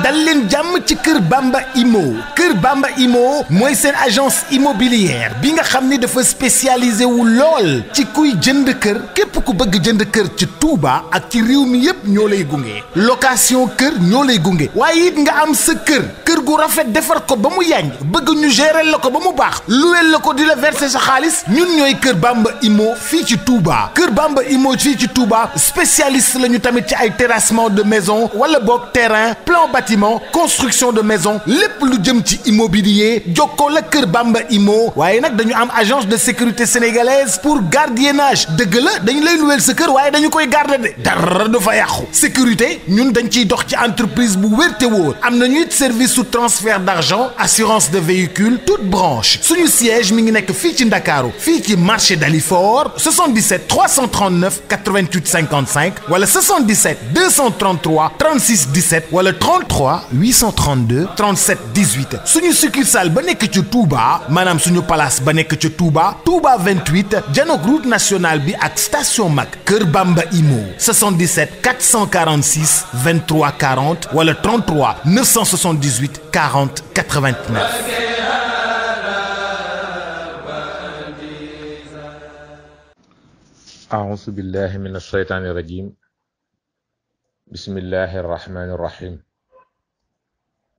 dal leen ci kër Bamba Imo kër Bamba Imo mooy seen agence immobilière bi nga xam ni dafa spécialisé wu lool ci kuy jënd kër képp ku bëgg jënd kër ci Touba ak ci réew mi yépp ñoo gunge location kër ñoo lay gunge it nga am sa kër kër gu rafet defar ko ba mu yànj bëgg ñu gérer la ko ba mu baax luweel la ko di la verser sa xaalis ñun ñooy kër Bamba Imo fii ci Touba kër Bamba Imo fii ci Touba spécialiste lañu tamit ci ay terrassement de maison wala boog terrain plan construction de maisons les plus jëm immobilier du la Bamba Immo waaye de am agence de sécurité sénégalaise pour gardiennage de gueule dañu lay luweel sa kër waaye dañu koy garder de dara du sécurité Nous dañ ciy dox ci entreprise bu te am nañu service sous transfert d'argent assurance de véhicules toute branche sous le siège mi ngi nekk fii ci marché d'Alifort 77 339 88 55 wala 77 233 36 17 wala 33 33 832 37 18 suñu succursale ba nekk ci Touba Touba Touba 28 janook route National bi ak station Mac Kurbamba Imo 77 446 23 40 wala 33 978 40 89. أعوذ بالله من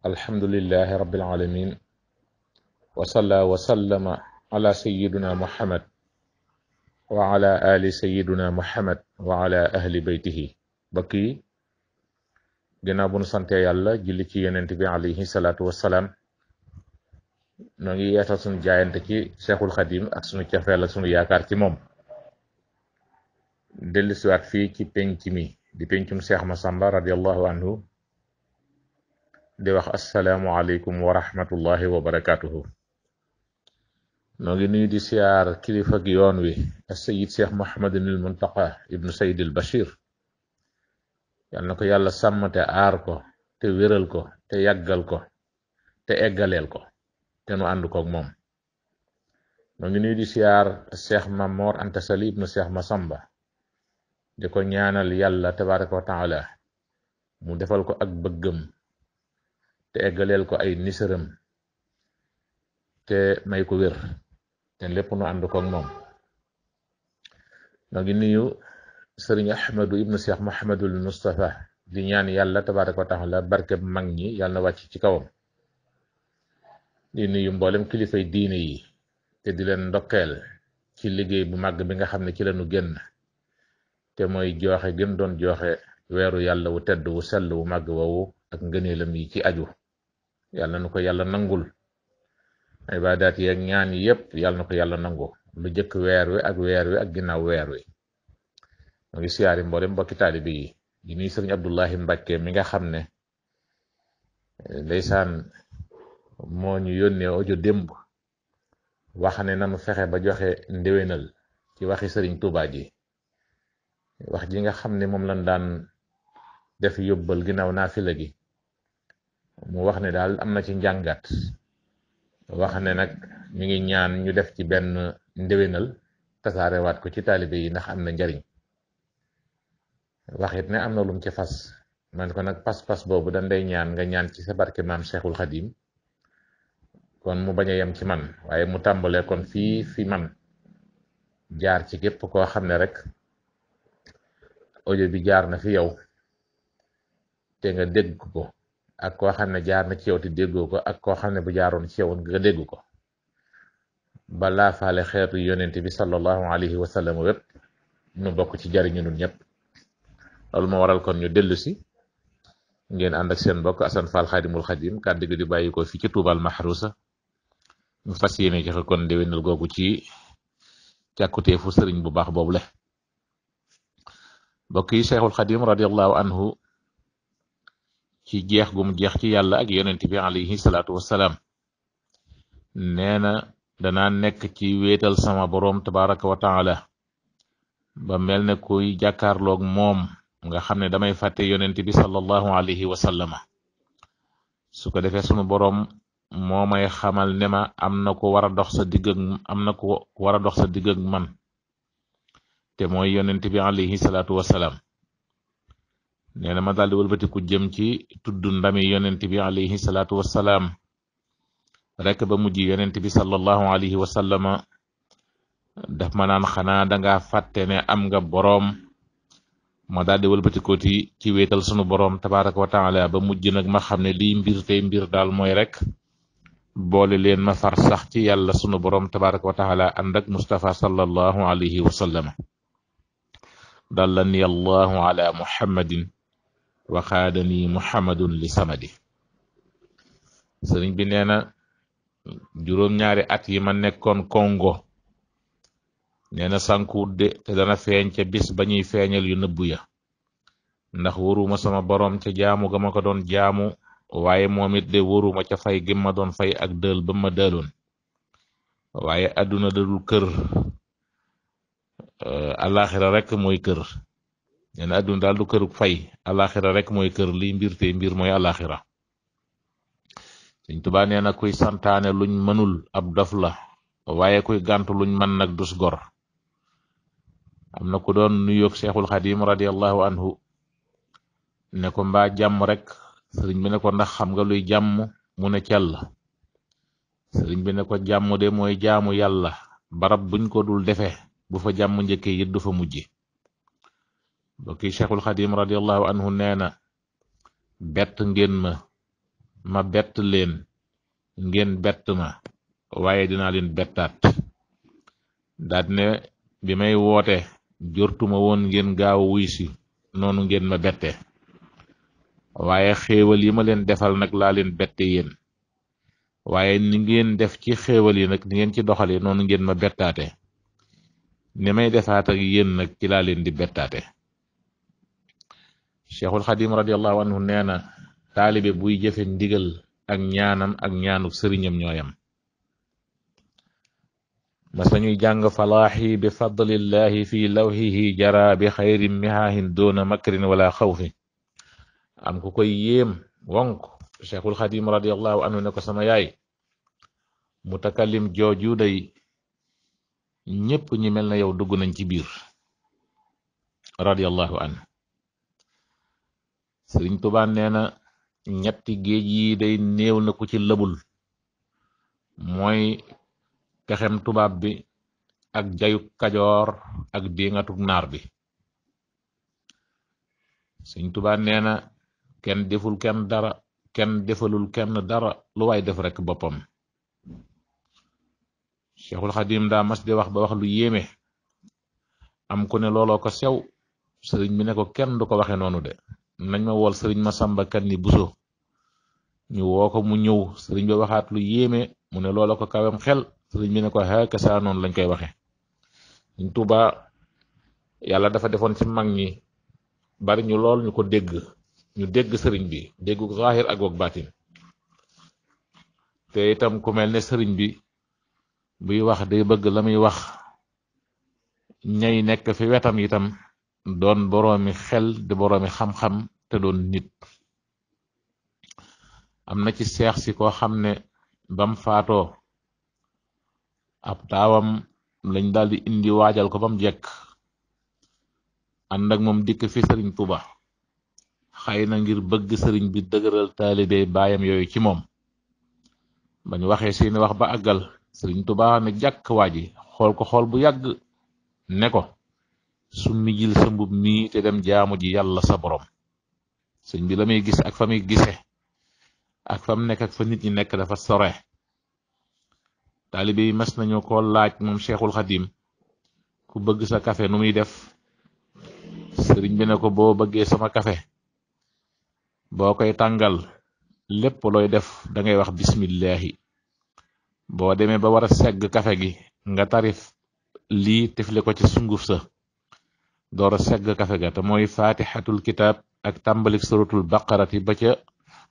الحمد لله رب العالمين وصلى وسلم على سيدنا محمد وعلى آل سيدنا محمد وعلى أهل بيته بكي جناب سنتي الله جلي كي ينتبه عليه الصلاة والسلام نغي ياتاسون جاينتكي شيخ الخديم اك سونو كيفال اك سونو ياكار تي موم دلي في كي بين مي دي بينتي شيخ مسامبا رضي الله عنه di wax asalaamualeykum wa rahmatullahi wa barakatuhu noo ngi nuyu di siyaar kilifa gi yoon wi asayid cheikh mohamadinil muntaqa ibnu sayidil bachir yal na ko yàlla sàmm te aar ko te wéral ko te yàggal ko te eggaleel ko te nu ànd koog moom noo ngi nuyu di siyaar cheikh mamor anta sali cheikh masamba di ñaanal yàlla tabaraka taala mu defal ko ak bëggam te eggaleel ko ay nisëram te may ko wér te lepp nu ko ak mom nga gi nuyu sëriñ ibn ibnu cheikh al mustafa di ñaan yalla tabaraka taala yalla mag ñi yàlla na ci kawam di nuyu kilifa diine yi te di len ndokkeel ci liggey bu mag bi nga xamne ci lañu genn te moy joxe gën doon joxe wéru yalla wu tedd wu sell wu màgg woowu ak ngeeneelam yi ci aju yalla nuko yalla yàlla nangul ibaadaat yeeg ñaan yep yalla nuko yalla nango. lu jëkk weer wi ak weer wi ak ginnaaw weer wi mu ngi siyaari mboolem mbokki taalibe yi di nuyu sëriñ Abdullahi mi nga xam ne ndeysaan ñu yónnee ojo démb wax ne nanu fexe ba joxe ndéwénal ci waxi sëriñ Tuubaa ji wax ji nga xam ne moom lañ daan def yóbbal ginnaaw gi mu wax ne daal am na ci njàngat wax ne nag ñu ngi ñaan ñu def ci benn ndéwénal tasaarewaat ko ci taalibe yi ndax am njariñ wax ne am na lum ci fas man ko nag pas-pas boobu dañ day ñaan nga ñaan ci sa barke maam Cheikhul Xadim kon mu bañ a yem ci man waaye mu kon fii fi man jaar ci képp koo xam ne rek audio bi jaar na fi yow te nga dégg ko ak ko xamne jaar na ci yow te deggo ko ak ko xamne bu jaaroon ci yow nga dégg ko balaa faale xeetu yonent bi sallallahu alayhi wa sallam wépp nu bok ci jariñu ñun ñep loolu mo waral kon ñu delu ci ngeen ànd ak seen bok asan fal khadimul khadim kàddu gi di bayiko fi ci tubal mahrusa ñu fasiyene yéene kon de wenal gogu ci fu sëriñ bu baax bobu le bokki Cheikhul Xadim anhu ci jeex gum jeex ci yàlla ak yonent bi alayhi salatu wassalam neena dana nek ci wetal sama borom tabarak wa taala ba melne koy jakarlok mom nga xamne damay fàtte yonent bi sallallahu alayhi wa sallama su ko defé sunu borom momay xamal nema amna ko wara dox sa digg ak amna ko wara dox sa digg ak man te moy yonent bi alayhi salatu wassalam nee na ma daal di wëlbatiku jëm ci tudd ndami yonent bi alayhi salaatu wassalaam rek ba mujj yonent bi sallallahu alayhi wa daf ma naan xanaa danga fàtte ne am nga boroom ma daal di wëlbatikooti ci wéetal sunu boroom tabaraka wa taala ba mujj nag ma xam ne mbir tey mbir daal mooy rek boole leen ma far sax ci yàlla sunu boroom tabaraka wa taala ànd ak Mustafa sallallahu alayhi wa sallama dallani allahu ala muhammadin waxaadani muhammadun li samadi sëriñ bi nee na juróom-ñaari at yi ma nekkoon Congo nee na sànkuwut de te dana feeñ ca bis ba ñuy feeñal yu nëbbu ya ndax waruma sama boroom ca jaamu ga ma ko doon jaamu waaye moom it de waruma ca fay gi ma doon fay ak dël ba ma dëloon waaye àdduna dadul kër alaxira rek mooy kër nee na adduna daal du këru fay alaxira rek mooy kër liy mbir te mbir mooy alaxira Sëñ Tuubaa nee na kuy santaane luñ mënul ab dof la waaye kuy gàntu luñ mën nag dus gor am na ku doon nuyoog Seexul Xadim radiallahu anhu ne ko mbaa jàmm rek sëriñ bi ko ndax xam nga luy jàmm mu ne cell sëriñ bi ko jàmm de mooy jaamu yàlla barab buñ ko dul defee bu fa jàmm njëkkee yit du fa mujj bokki cheikhul xadim radiallahu anhu nee na bett ngeen ma ma bett leen ngeen bett ma waaye dinaa leen bettaat daat ne bi may woote jortuma woon ngeen gaaw wuy si noonu ngeen ma bette waaye xéewal yi ma leen defal nag laa leen bette yéen waaye ni ngeen def ci xéewal yi nag ni ngeen ci doxale noonu ngeen ma bettaate ni may defaat ak yéen nag ci laa leen di bettaate cheikhul xadim radiallahu anhu nee na taalibe buy jëfe ndigal ak ñaanam ak ñaanu sëriñam ñooyam mas nañuy jàng falaaxi bi fadlillahi fi lawxihi jara bi xayrin mihaahin doona makrin wala xawfi am ku koy yéem wonk cheikhul xadim radiallahu anhu ne ko sama yaay mutakallim jooju day ñépp ñi mel yow dugg nañ ci biir radiallahu anhu Sëriñ Tuubaa nee na ñetti géej yi day néew na ku ci lëbul mooy pexem tubaab bi ak jayu kajoor ak déngatuk naar bi Sëriñ Tuubaa nee na kenn deful kenn dara kenn defalul kenn dara lu waay def rek boppam Cheikhul Xadim daa mas di wax ba wax lu yéeme am ku ne looloo ko sew sëriñ bi ne ko kenn du ko waxe noonu de nañ ma wol serigne masamba kan ni buso ñu woo ko mu ñew serigne bi waxat lu yeme mu ne lolo ko kawam xel serigne bi ne ko ka sa non lañ koy waxe ñu tuba yalla dafa defon ci mag ñi bari ñu lool ñuko deg ñu deg serigne bi gu zahir ak wog batin te itam ku melne serigne bi buy wax day bëgg lamuy wax ñay nek fi wetam itam doon boromi xel di boromi xam-xam te doon nit Amna na ci cheikh hamne ko xamne bam faato ab tawam lañ daldi indi wajal ko bam jek andak mom dik fi serigne touba xëy ngir bëgg serigne bi deugural talibé bayam yoy ci mom bañ waxé seen wax ba agal serigne touba ne jak waji xol ko xol bu yag ne ko summijil sa mbub mi te dem jaamu ji yalla sa borom señ bi lamay gis ak famay muy ak fam nek ak fa nit ñi nek dafa sore mas nañu ko laaj mom cheikhul khadim ku bëgg sa kafe numuy def señ bi nako bo bëgge sama kafe bokay tangal lepp loy def da ngay wax bismillahi bo demee ba wara a café kafe gi nga tarif li tefle ko ci sunguf sa door a segg kafe ga te mooy faatixatul kitaab ak tàmbalik suratul baqarati ba ca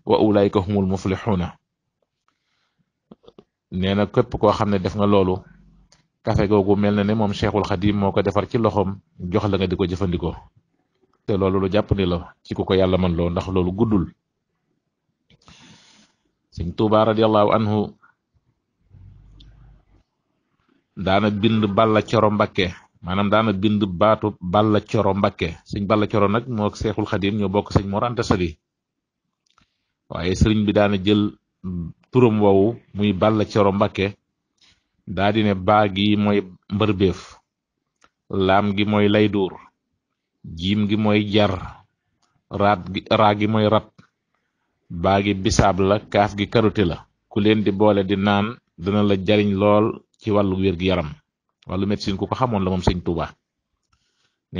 wa ulayka humul muflixuuna nee na képp koo xam ne def nga loolu kafe googu mel na ne moom cheikhul xadim moo ko defar ci loxoom jox la nga di ko jëfandikoo te loolu lu jàpp ni la ci ku ko yàlla man loo ndax loolu guddul sëñ tuuba radiallahu anhu daana bind balla coro mbakke manam dana bind batu balla cioro sing seigne balla cioro nak mo ak cheikhul khadim ño bok seigne mor sali waye seigne bi jël turum wawu muy balla coro dadine bagi ne berbeef, moy mooy lam jimgi gi jim gi moy jar rat gi raa moy rat baagi bisab la kaf gi karoti la ku len di bolé di nan dana la jariñ lol ci walu yaram wala médecine ku ko xamoon la mom seigne Touba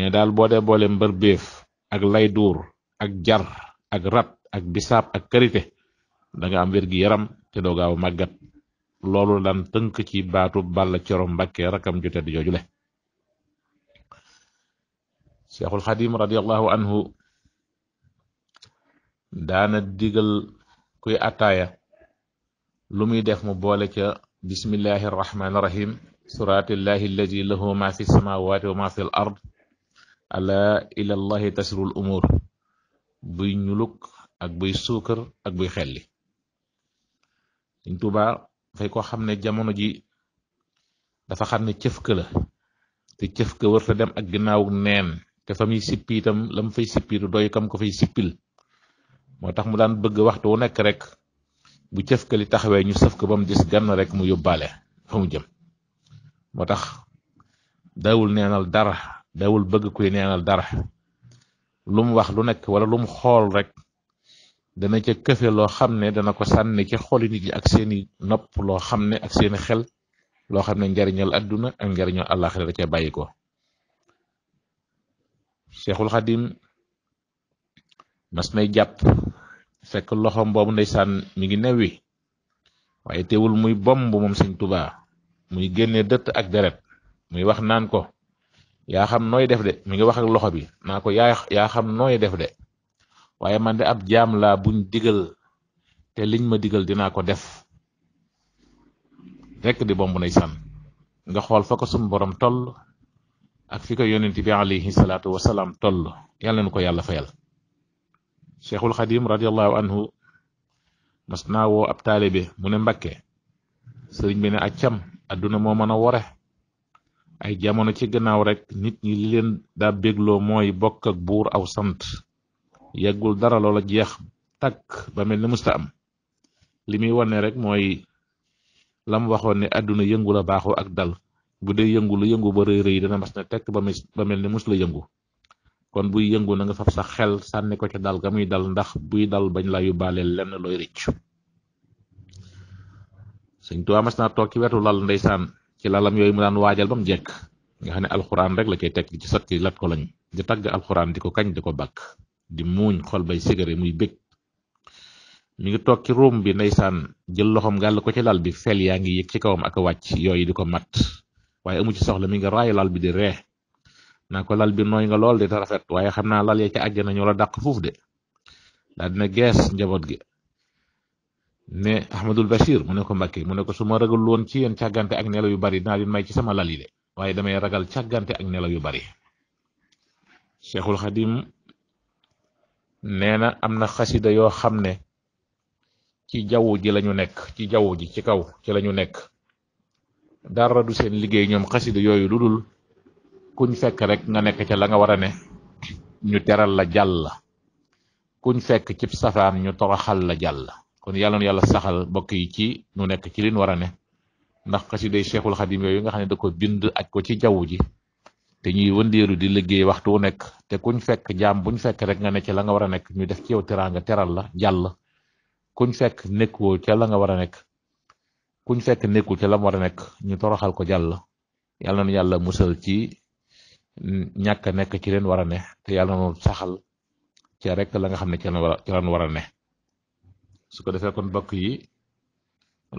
dal bo boo bolé mbeur beef ak layduur ak jar ak rat ak bisab ak karité da nga am wergu gi yaram te do gaaw magat loolu lan teunk ci baatu Balla rom Mbàkke rakam ju tedd jojule Cheikhul khadim radiyallahu anhu dana digal kuy ataya lumuy def mu bolé ca bismillahir rahmanir rahim صراط الله الذي له ما في السماوات وما في الأرض ألا إلى الله تسر الأمور buy ñuluk ak buy suukar ak buy xelli Sëñ Tuubaa fay koo xam ne jamono ji dafa xam ne cëfka la te cëfka warta dem ak ginnaaw neen te fa muy sippi itam la mu fay sippi du doy kam ko fay sippil moo tax mu daan bëgg waxtu wu nekk rek bu cëfka li taxawee ñu sëf ko ba mu des gann rek mu yóbbaale fa mu jëm moo tax dawul neenal dara dawul bëgg kuy neenal dara lu mu wax lu nekk wala lu mu xool rek dana ca këfe loo xam ne dana ko sànni ci xooli ni yi ak seeni nopp loo xam ne ak seeni xel loo xam ne njariñal adduna ak njariñal àllaaxira da ca bàyyi ko Cheikhul Xadim mas nay jàpp fekk loxoom boobu ndeysaan mi ngi newwi waaye tewul muy bom moom Sëñ Tuubaa muy génne dëtt ak deret muy wax naan ko yaa xam nooy def de mi ngi wax ak loxo bi naa ko ya xam nooy def de waaye man de ab jaam laa buñ digal te liñ ma digal dinaa ko def rekk di bomb nay san nga xool fa ko sunu borom toll ak fi ko yonent bi alayhi salaatu wasalaam toll yàlla na ko yàlla fayal cheikhul xadim radiallahu anhu mas naa woo ab taalibe mu ne mbakke sëriñ bi ne adduna moo mën a wore ay jamono ci gannaaw rek nit ñi li leen daa bégloo mooy bokk ak buur aw sant yeggul dara loola jeex takk ba mel ni musta am li muy wane rek mooy lam waxoon ne adduna yëngu la baaxoo ak dal bu de yëngu lu yëngu ba rëy rëy dana mas ne tekk ba mel ni mus la yëngu kon buy yëngu nanga nga fab sa xel sànni ko ca dal ga muy dal ndax buy dal bañ la yóbbaale lenn looy rëccu sëñ Tuubaa mas naa toog ci wetu lal ndaysan ci lalam yoy mu dan waajal bam jek nga xane alquran rek la dimun tek ci sotti lat ko lañ di tag alquran diko kagn diko bak di muñ xol bay sigare muy bekk mi ngi toog ci bi ndaysan jël loxom gal ko ci lal bi fel yaa ngi ci kawam ak wacc yoy diko mat waye amu ci soxla mi nga ray lal bi di re na ko lal bi noy nga lol di ta rafet lal ya ci aljana ñu la dak fuf de daa dina gees njabot gi ne ahmadul bashir mu ne ko mbakke mu ne ko suma ragal won ci yeen tiagante ak nelaw yu bari may ci sama lali de waye damay ragal tiagante ak nelaw yu bari cheikhul khadim neena amna hamne, yo xamne ci jawu ji lañu nek ci jawu ji ci kaw ci lañu nek dara du seen liggey ñom xasida yoyu lu kuñ fekk rek nga nek ci la nga wara ne ñu teral la kuñ fekk ci safaan ñu toroxal la kon yalla nu yalla saxal mbokk yi ci nu nekk ci liñ wara ne ndax xasiday Cheikhul khadim yoy nga xamne da ko bind ak ko ci jawu ji te ñuy wëndeelu di liggéey waxtu wu nekk te kuñ fekk jaam buñ fekk rek nga ne ci la nga wara a nekk ñu def ci yow teranga teral la jàll kuñ fekk wo ci la nga wara kuñ fekk ci la wara ñu toroxal ko jàll yalla nu yalla musal ci ñaka ci leen wara ne te yalla nu saxal ci rek la nga la wara ci la wara su ko defee kon bokk yi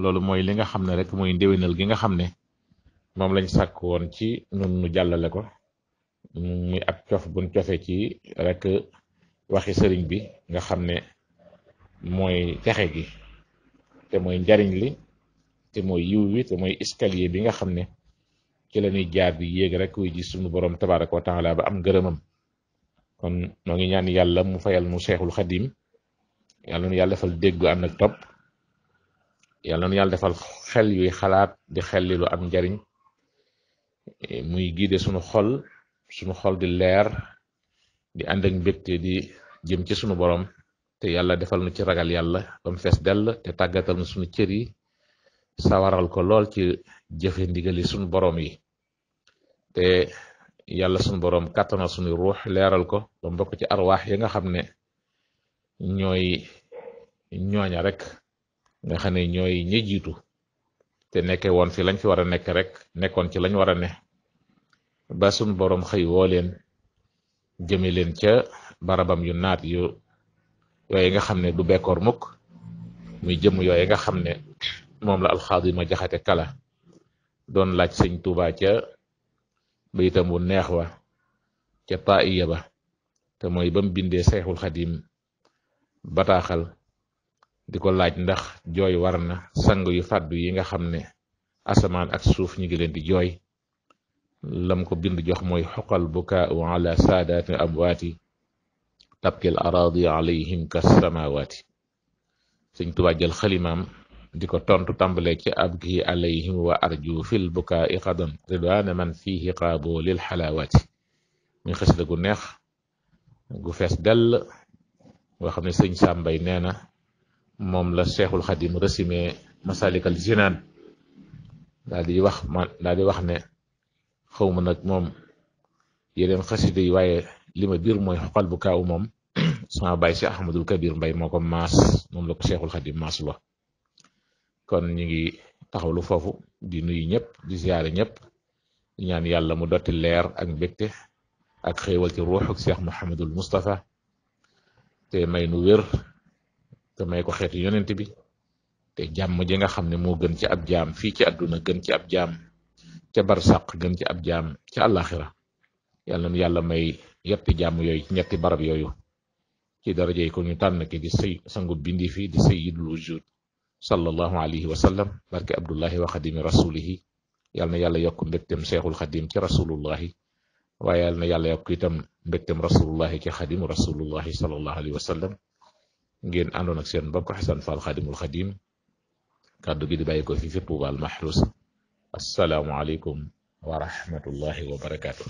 loolu mooy li nga xam ne rek mooy ndéwénal gi nga xam ne moom lañ sàkk woon ci nun nu jàllale ko muy ab cof buñ cofe ci rek waxi sëriñ bi nga xam ne mooy caxe gi te mooy njariñ li te mooy yiw wi te mooy escalier bi nga xam ne ci la ñuy jaar bi yéeg rek wuy ji suñu borom tabaraka wa taala ba am gërëmam kon noo ngi ñaan yàlla mu fayal mu seexul xadim yàlla nu yàlla defal dégg ànd ak topp yàlla nu yàlla defal xel yuy xalaat di xelli lu am njariñ muy guider sunu xol sunu xol di leer di ànd ak mbégte di jëm ci sunu borom te yàlla defal nu ci ragal yàlla ba fees dell te tàggatal nu sunu cër yi sawaral ko lool ci jëfe ndigali sunu borom yi te yàlla sunu borom kàttanal sunu ruux leeral ko ba mbokk ci arwaax yi nga xam ne. ñooy ñooña rek nga xam ne ñooy ña jiitu te nekke woon fi lañ fi war a nekk rek nekkoon ci lañ war a ne ba sun boroom xëy woo leen jëmi leen ca barabam yu naat yu yooyu nga xam ne du bekkoor mukk muy jëm yooyu nga xam ne moom la alxaadima jaxate kala doon laaj sëñ Tuuba ca bayitam wu neex wa ca paiya ba te mooy bam bindee seexul xadim bataaxal di ko laaj ndax jooy war na sang yu fàddu yi nga xam ne asamaan ak suuf ñu ngi leen di jooy lam ko bind jox mooy xoqal bukaau ala saadaati amwaati tabkil araadi alayhim ka samawaati sëñ Tuubaa jël xalimaam ko tontu tàmbale ci abki alayhim wa arju fil bukaai xadan ridwaana man fiihi qaabo lil xalaawaati muy xasida neex gu fees dell nga xam ne sëñ sàmbay nee na moom la cheikhul xadim resimé masalikal jinaan daal di wax ma daal di wax ne xaw ma nag moom yeneen xasida yi waaye li ma biir mooy xoqal bu kaaw moom sama baay si ahmadul kabir mbay moo ko maas moom la ko cheikhul xadim maas la kon ñu ngi taxawlu foofu di nuyu ñëpp di ziyaare ñëpp ñaan yàlla mu dotti leer ak mbégte ak xéewal ci ruux ak cheikh muhammadul mustafa te may nu wër te may ko xeetu yonent bi te jamm ji nga xam mo gën ci ab jamm fi ci aduna gën ci ab Ya ci barsàq gën ci ab jamm ci alakhirah yalla na yalla may yetti jamm yoy ci ñetti barab ci ko ñu tan ki di sey sangu bindi fi di sayyidul wujud sallallahu alayhi wa sallam barke abdullahi wa khadim rasulih yalla na ya yokk mbégtem seexul khadim ci rasulullahi wa yalla na yàlla yokk itam mbégtem rasulullahi ci xadimu rasulullahi sallallahu alayhi wa sallam ngeen àndoon ak seen mbokk Xasan Fall xadimul xadim kàddu gi di bàyyi ko fi fi Tuuba al Maxruus assalaamu aleykum wa rahmatullahi wa barakaatu.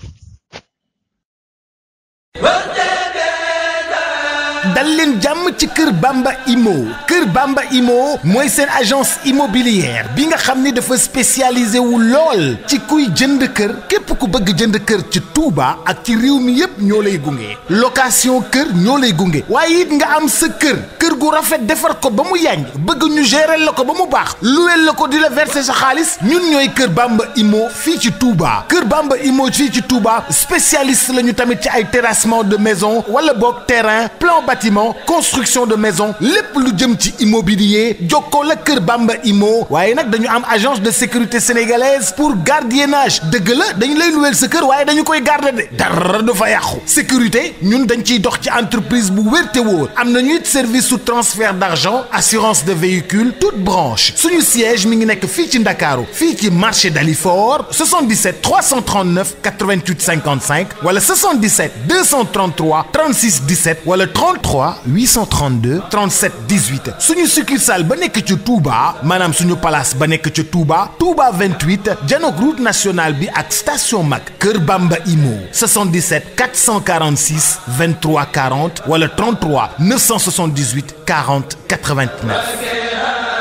dal leen jàmm ci kër bàmba Imo kër bàmba Imo mooy seen agence immobilière bi nga xam ni dafa spécialisé wu lool ci kuy jënd kër képp ku bëgg jënd kër ci Touba ak ci réew mi yépp ñoo lay gunge location kër ñoo lay gunge waaye it nga am sa kër kër gu rafet defar ko ba mu ñu gérer la ko ba mu baax la ko di la verser sa xaalis ñun ñooy kër Bamba Imo fii ci Touba kër Bamba Imo fii ci Touba spécialiste la tamit ci ay terrassement de maison wala boog terrain plan bâtiment construction de maison lépp lu jëm ci immobilier jokkoo la kër Bamba Imo waaye nag dañu am agence de sécurité sénégalaise pour gardiennage de la dañu lay le sa kër waaye dañu koy garder de dara du fa yàqu sécurité ñun dañ ciy dox ci entreprise bu wér te wóor am nañu it service transfert d'argent assurance de véhicules, toute branche suñu siège mi ngi nekk marché Dalifort 77 339 88 55 le 77 233 36 17 le 33 832 37 18 suñu succursale ba ci Touba Madame suñu place ba Touba Touba 28 Djanok route national bi ak station Mac. Kurbamba Imo 77 446 23 40 wala 33 978 40 89.